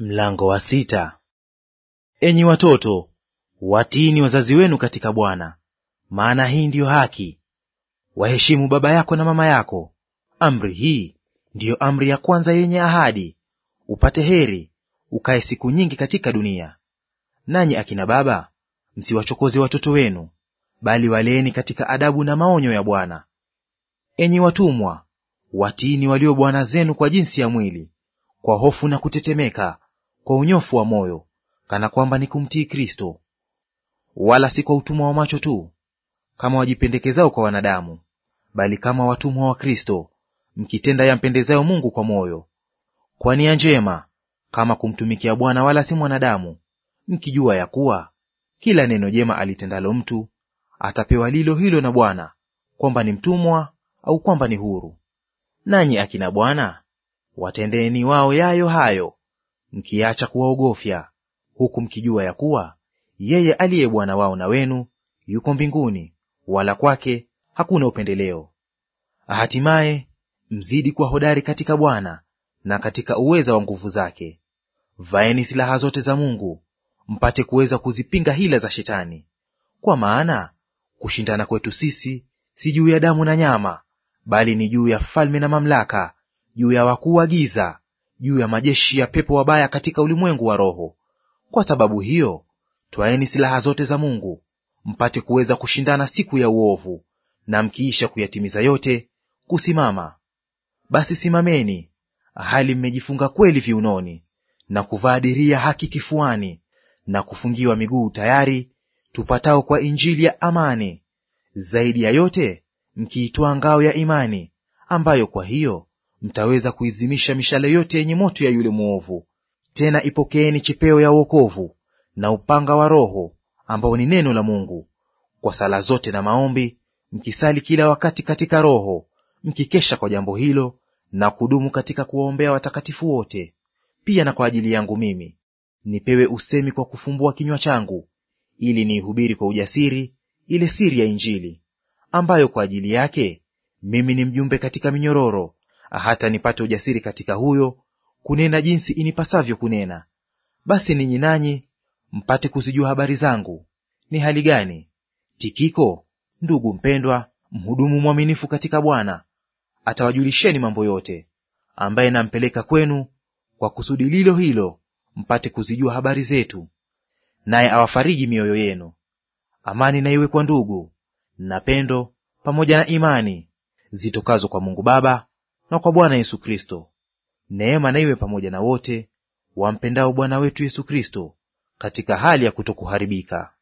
Mlango wa sita. Enyi watoto, watiini wazazi wenu katika Bwana, maana hii ndiyo haki. Waheshimu baba yako na mama yako. Amri hii ndiyo amri ya kwanza yenye ahadi, upate heri, ukae siku nyingi katika dunia. Nanyi akina baba, msiwachokoze watoto wenu, bali waleeni katika adabu na maonyo ya Bwana. Enyi watumwa, watiini walio bwana zenu kwa jinsi ya mwili, kwa hofu na kutetemeka kwa unyofu wa moyo, kana kwamba ni kumtii Kristo, wala si kwa utumwa wa macho tu, kama wajipendekezao kwa wanadamu, bali kama watumwa wa Kristo, mkitenda yampendezayo Mungu kwa moyo, kwa nia njema, kama kumtumikia Bwana wala si mwanadamu, mkijua ya kuwa kila neno jema alitendalo mtu atapewa lilo hilo na Bwana, kwamba ni mtumwa au kwamba ni huru. Nanyi akina Bwana watendeeni wao yayo hayo, mkiacha kuwaogofya, huku mkijua ya kuwa yeye aliye Bwana wao na wenu yuko mbinguni, wala kwake hakuna upendeleo. Hatimaye mzidi kuwa hodari katika Bwana na katika uweza wa nguvu zake. Vaeni silaha zote za Mungu, mpate kuweza kuzipinga hila za Shetani. Kwa maana kushindana kwetu sisi si juu ya damu na nyama, bali ni juu ya falme na mamlaka, juu ya wakuu wa giza, juu ya majeshi ya pepo wabaya katika ulimwengu wa roho. Kwa sababu hiyo, twaeni silaha zote za Mungu, mpate kuweza kushindana siku ya uovu, na mkiisha kuyatimiza yote, kusimama. Basi simameni, hali mmejifunga kweli viunoni, na kuvaa diria haki kifuani, na kufungiwa miguu tayari tupatao kwa injili ya amani. Zaidi ya yote mkiitwaa ngao ya imani, ambayo kwa hiyo mtaweza kuizimisha mishale yote yenye moto ya yule mwovu. Tena ipokeeni chipeo ya uokovu na upanga wa Roho ambao ni neno la Mungu, kwa sala zote na maombi mkisali kila wakati katika Roho, mkikesha kwa jambo hilo na kudumu katika kuwaombea watakatifu wote, pia na kwa ajili yangu mimi, nipewe usemi kwa kufumbua kinywa changu, ili niihubiri kwa ujasiri ile siri ya Injili, ambayo kwa ajili yake mimi ni mjumbe katika minyororo hata nipate ujasiri katika huyo kunena jinsi inipasavyo kunena. Basi ninyi nanyi mpate kuzijua habari zangu ni hali gani. Tikiko ndugu mpendwa, mhudumu mwaminifu katika Bwana, atawajulisheni mambo yote, ambaye nampeleka kwenu kwa kusudi lilo hilo, mpate kuzijua habari zetu, naye awafariji mioyo yenu. Amani na iwe kwa ndugu na pendo pamoja na imani zitokazo kwa Mungu Baba na kwa Bwana Yesu Kristo. Neema na iwe pamoja na wote wampendao Bwana wetu Yesu Kristo katika hali ya kutokuharibika.